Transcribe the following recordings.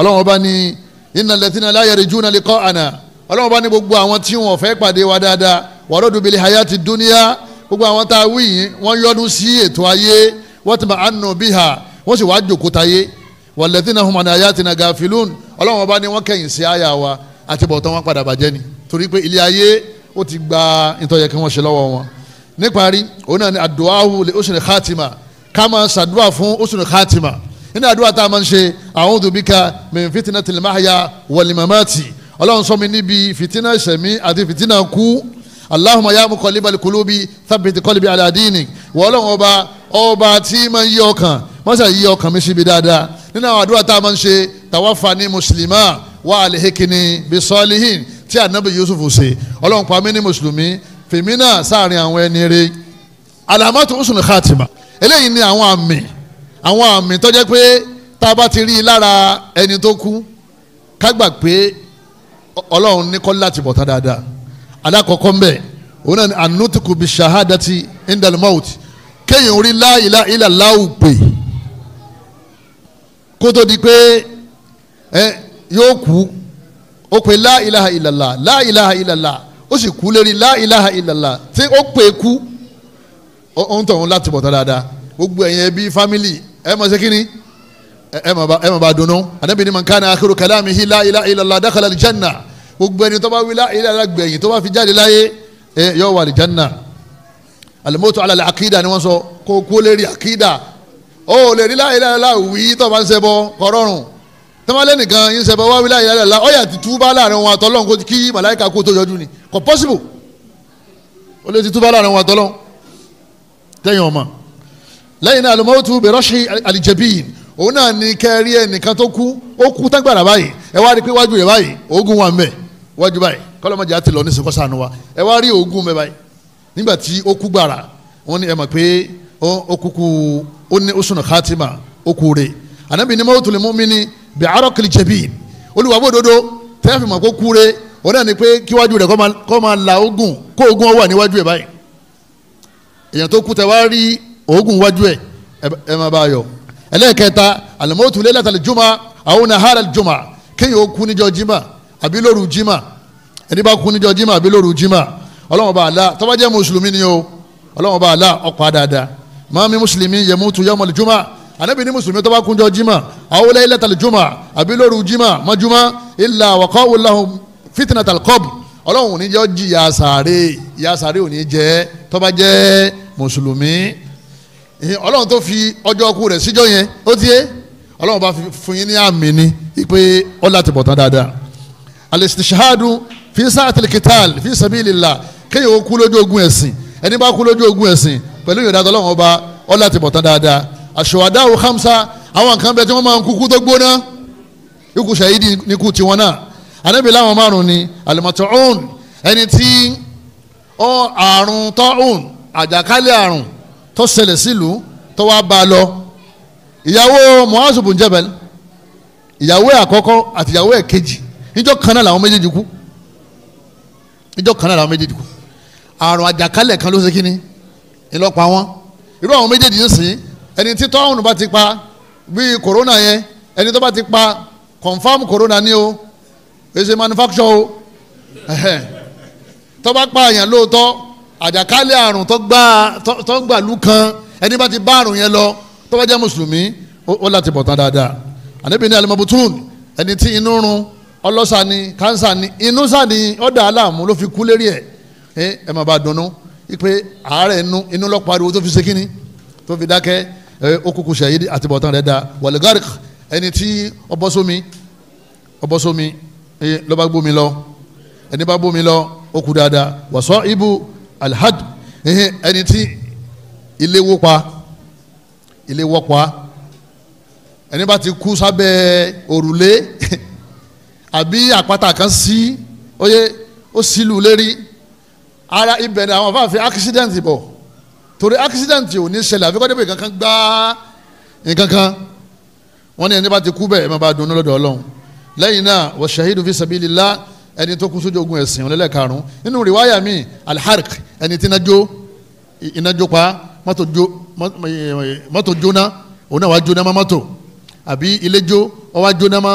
ọlọ́run ọba ní innal ladhina la yarjuna liqa'ana ọlọ́run ọba ní gbogbo àwọn tí wọn fẹ́ pàdé wa dáadáa waradu bil hayati dunya gbogbo àwọn tá a wí yìí wọ́n yọ́nú sí ètò ayé watma'annu biha wọ́n sì wáá jòkóta yé walladhina hum an ayatina gafilun ọlọ́run ọba ní wọ́n kẹ̀yìn sí àyà wa àti bọ̀tán wọn padà bàjẹ́ ni torí pé ilé ayé ó ti gba ìtọ́jẹ́ kí wọ́n ṣe lọ́wọ́ wọn níparí òun náà ni àdúà li khatima ká máa ṣàdúrà fún husni khatima nínú àdúrà tá a máa ń ṣe a'udhu bika min fitnatil mahya wal mamati ọlọ́run ṣọ́ mi níbi fìtínà ìṣẹ̀mí àti fìtínà kú allahumma ya muqallibal qulubi thabbit qalbi ala dinik wọ́n ọlọ́run ọba ọba tí máa ń yí ọkàn mọ́sá yí ọkàn mi síbi dáadáa nínú àwọn àdúrà tá a máa ń ṣe tawaffani muslima wa alihikini bisalihin tí anabi yusuf ṣe ọlọ́run pa ní àwọn àmì tó jẹ́ pé tá a bá ti rí i lára ẹni tó kú ká gbà pé ọlọ́run ní kọ́ láti bọ̀ tá dáadáa alákọ̀ọ́kọ́ mbẹ́ òun náà ni anutuku bi shahadati indal maut kéèyàn orí láìlá ilà láwù pè kó tó di pé ẹ yóò kú ó pe láìláha ìlàlá láìláha ìlàlá ó sì kú lérí láìláha ìlàlá tí ó pè kú ó ń tọ̀ láti bọ̀ tá dáadáa gbogbo ẹ̀yin ẹbí fámìlì ẹ mọ̀ ṣe kí ni ẹ mọ̀ bá dunnú anabi ni man kana akhiru kalamihi la ilaha illallah dakhala aljanna gbogbo ẹni tó bá wí la ilaha illallah gbẹ̀yìn tó bá fi jáde láyé ẹ yóò wà aljanna alimoto ala akida ni wọ́n sọ kó kú lérí akida ó lè rí la ilaha illallah wí tó bá ń ṣẹbọ kọrọrùn tọ́mọ́lẹ́ nìkan yín ṣẹbọ wá wí la ilaha illallah ọ̀yà ti túbá láàrin wọn àtọ́lọ́n kí màláìka kó tó yọjú ni kò possible ó lè ti túbá láàrin wọn àtọ́lọ́n tẹ́yìn ọmọ lẹ́yìn náà alimọ́tò bẹ̀rọ̀ṣì alìjẹ̀bìn òun náà ní kẹ́rí ẹnìkan tó kú ó kú tágbàrà báyìí ẹ wá rí i pé wájú rẹ̀ báyìí oògùn wà mẹ́ wájú báyìí kọ́lọ́mọdé àti lọ nísìkọ́ sànù wa ẹ wá rí oògùn mẹ́ báyìí nígbà tí ó kú gbàrà wọ́n ní ẹ mọ̀ pé ó kúkú ó ní usunu khatima ó kú re ànábì ní mọ́tò lè mú mi ní bẹ̀ àárọ̀ kìlì jẹ̀bìn olùwàgbọ́ òdodo tẹ́fì mọ̀ la oògùn kó oògùn wà níwájú ẹ̀ báyìí èèyàn oògùn wájú ẹ̀ ẹ má bá yọ ẹlẹ́ẹ̀kẹta àlùmọ́tò lẹ́lẹ́tàlẹ̀ jùmọ̀ àwọn nahara jùmọ̀ kéèyàn ó kú níjọ́ jimá àbí lóru jimá ẹni bá kú níjọ́ jimá àbí lóru jimá ọlọ́wọ́n bá àlá tó bá jẹ́ mùsùlùmí ni o ọlọ́wọ́n bá àlá ọ̀pá dáadáa máa mi mùsùlùmí yẹmútu yọmọlẹ̀ jùmọ̀ ànábì ní mùsùlùmí tó bá kú níjọ́ jimá àwọn lẹ́lẹ́tàlẹ̀ jùmọ̀ àbí lóru jimá mọ́júmá ilà wàkọ́wọ́láhùn fitnatal qabr ọlọ́wọ́n ò ní jẹ́ jìyà sàárè ìyà sàárè ò ní jẹ́ tó jẹ́ mùsùlùmí ọlọ́run tó fi ọjọ́ ọkú rẹ̀ síjọ́ yẹn ó ti ọlọ́run bá fún yín ní àmì ni pé ó láti bọ̀ tán dáadáa alistishahadu fi sáàtìlì kìtàl fi sabilillah kéèyàn ó kú lójú ogun ẹ̀sìn ẹni bá kú lójú ogun ẹ̀sìn pẹ̀lú ìyọ̀dá ọlọ́run ọba ó láti bọ̀ tán dáadáa aṣọ̀wádáwò hamsa àwọn nǹkan bẹ tí wọ́n máa ń kúkú tó gbóná ikú ṣàyídì níkú tiwọn náà anábì láwọn márùn ni alimatoon ẹni tí ó àrùn tọ́hún àjàkálẹ̀ àrùn tó ṣẹlẹ̀ sílùú tó wá bá a lọ ìyàwó Mu'azu bun Jabal ìyàwó àkọ́kọ́ àti ìyàwó ẹ̀kejì níjọ́ kan náà làwọn méjèèjì kú níjọ́ kan náà làwọn méjèèjì kú àrùn àjàkálẹ̀ kan ló ṣe kíni ìlọ́pa wọn irú àwọn méjèèjì ń sìn ẹni tí tọ́hún bá ti pa bíi kòrónà yẹn ẹni tó bá ti pa confam kòrónà ni o èsì manufacture o tó bá pa àyàn lóòótọ́ àjàkálẹ̀ àrùn tó ń gbàlú kan ẹni bá ti bá àrùn yẹn lọ tó bá jẹ́ mùsùlùmí ó láti bọ̀ tán dáadáa ànábì ní alimabutun ẹni tí inú run ọlọ́sà ni kánsà ni inú sà ni ọ̀dà aláàmú ló fi kú lérí ẹ̀ ẹ ẹ má bàa dunnú ipe àárẹ̀ inú inú lọ pariwo tó fi ṣe kínní tó fi dákẹ́ ẹ okùnkùn ṣẹ̀yìn àti bọ̀tán rẹ̀ da wàlúgárì ẹni tí ọbọ̀sómi ọbọ̀sómi lọ́ba gbómi lọ ẹni bá gbómi lọ ó kú dáadáa wàsọ ibú alhad ẹni tí ilé wó pa ilé wọ́ pa ẹni bá ti kú sábẹ́ òrùlé àbí àpáta kan sí oyè ó sílù lérí ara ibẹ̀ ni àwọn afáàfin accident bọ̀ torí accident ò ní ṣẹlẹ̀ àfikọ́ débi kankan gbá nkankan wọ́n ní ẹni bá ti kú bẹ́ẹ̀ ẹ̀ máa bá dùn lọ́dọ̀ ọlọ́run lẹ́yìn náà wa shahidu fi sabilillah ẹni tó kú sójú ogun ẹ̀sìn ọ̀lẹ́lẹ̀ karùn-ún nínú rìwáyà mi alharq ẹni tí iná jó iná jó pa mọ́tò jóná òun náà wá jóná má mọ́tò àbí ilé jó ó wá jóná má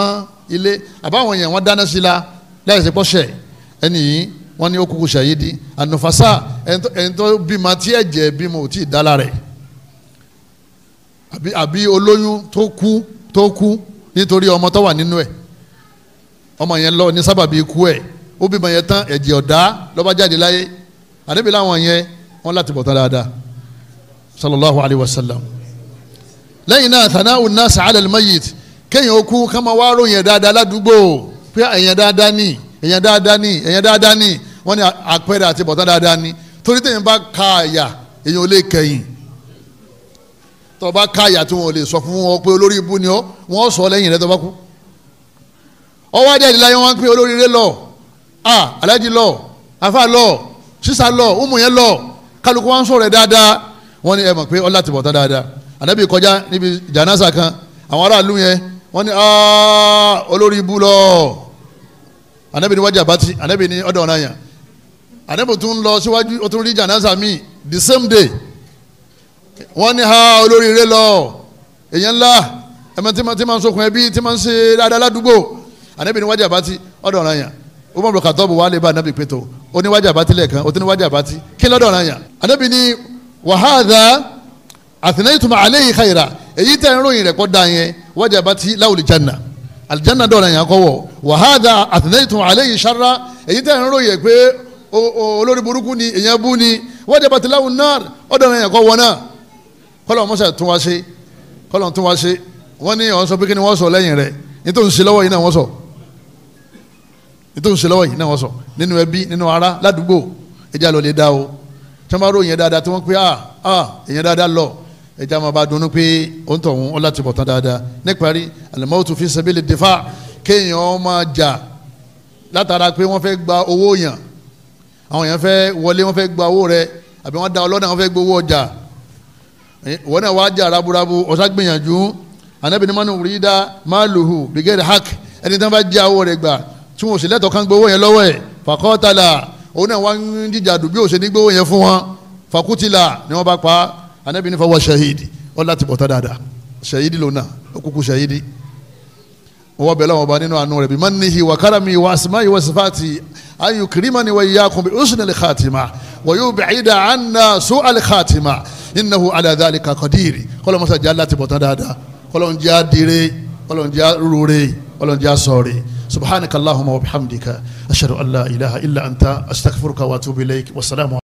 ilé àbáwọn èèyàn wọn dáná sí la láì ṣe pọ́ṣẹ̀ ẹni yìí wọ́n ní ó kúkú ṣàyédi ànàfàṣà ẹni tó bímọ tí ẹ̀jẹ̀ bímọ ò tí ì dára rẹ̀ àbí olóyún tó kú tó kú nítorí ọmọ tó wà nínú ẹ̀ ọmọ yẹn lọ ní sábàbí ikú ẹ̀ ó bímọ yẹn tán ẹ̀jẹ̀ ọ̀dá lọ́ba jáde láyé ànábì láwọn yẹn wọ́n láti bọ̀ tán dáadáa sallallahu alayhi wa sallam lẹ́yìn náà thanau nas ala almayit kéèyàn okú ká máa wá ròyìn dáadáa ládùúgbò pé èèyàn dáadáa ni èèyàn dáadáa ni èèyàn dáadáa ni wọ́n ní àpẹẹrẹ àti bọ̀tán dáadáa ni torí téèyàn bá ka àyà èèyàn ò lè kẹyìn tó bá àyà tí wọn ò lè sọ fún wọn pé olórí ibú ni ọ wọn sọ lẹ́yìn rẹ tó kú ọwọ́ adé àdìláyé wọn pé olóríire lọ a aláàjì lọ afa lọ sísá lọ umu yẹn lọ kálukú wọn sọ̀rọ̀ ẹ dáadáa wọn ni ẹ mọ̀ pé ọlá ti bọ̀ tán dáadáa ànábì kọjá níbi jànásà kan àwọn aráàlú yẹn wọn ni olórí ibu lọ ànábì ni wájú àbátí ànábì ni ọ̀dọ̀ ọ̀nà yẹn ànábì tún lọ síwájú ó tún rí jànásà míì the same day wọ́n ní ha olóríire lọ èèyàn ńlá ẹ̀mọ́ tí máa ń sokùn ẹbí tí máa ń ṣe dáadáa ládùúgbò anabi ni wájà bàtí ọdọ ọ̀ràn yàn umar katọ́bù wà lè bá anabi pẹ̀tọ́ ó ní wájà bàtí lẹ́ẹ̀kan ó ti ní wájà bàtí kí lọ́dọ̀ ọ̀ràn yàn anabi ni wàhádà àtìlẹ́yìntùmọ̀ alẹ́ yìí kàyìrà èyí tẹ̀ ń ròyìn rẹ̀ kọ́ da yẹn wájà bàtí láwùlì janna alijanna dọ̀ọ̀ràn yàn kọ́wọ́ wàhádà àtìlẹ́yìntùmọ̀ alẹ́ yìí sara èyí tẹ̀ ń ròyìn pé olórí burúkú wọ́n ní ọ̀hún sọ pé kí ni wọ́n sọ lẹ́yìn rẹ̀ nítorí ń ṣe lọ́wọ́ yìí náà wọ́n sọ ètò ìṣèlọ́wọ́ yìí náà wọ́n sọ nínú ẹbí nínú ara ládùúgbò ẹjẹ́ àlọ́ lè dá o tí wọ́n bá ròyìn dáadáa tí wọ́n pé ah ah èyàn dáadáa lọ ẹjẹ́ àwọn bá dunnú pé ó ń tọ̀ wọ́n láti bọ̀ tán dáadáa níparí al-mawtu fi sabili difa kéèyàn máa jà látara pé wọ́n fẹ́ gba owó yàn àwọn èèyàn fẹ́ wọlé wọ́n fẹ́ gba owó rẹ àbí wọ́n da ọlọ́dà wọ́n fẹ́ gbowó ọjà wọ́n náà wá jà raburabu ọ̀sá gbìyànjú anabi ni rida maluhu bigeri hak ẹni tí wọ́n bá jẹ́ owó rẹ gbà tí wọn ò sì lẹ́tọ̀ọ́ kan gbowó yẹn lọ́wọ́ ẹ̀ fàkọ́tàlà òun náà wá ń jíjà dùn bí ó ṣe ní gbowó yẹn fún wọn fàkútìlà ni wọ́n bá pa anabi nífa wá ṣahidi wọ́n láti bọ̀tá dáadáa ṣahidi lòun náà ó kúkú ṣahidi wọ́n wá bẹ̀rẹ̀ wọn bá nínú àánú rẹ̀ bí mannihi wa karami wa asma'i wa sifati an yukrimani wa iyyakum bi husnil khatima wa yub'ida anna su'al khatima innahu ala dhalika qadir kọ́lọ́ mọ́sá jẹ́ aláti dáadáa kọ́lọ́ jẹ́ adire kọ́lọ́ jẹ́ rúre kọ́lọ́ jẹ́ asọ̀rẹ́ سبحانك اللهم وبحمدك أشهد أن لا إله إلا أنت أستغفرك وأتوب إليك والسلام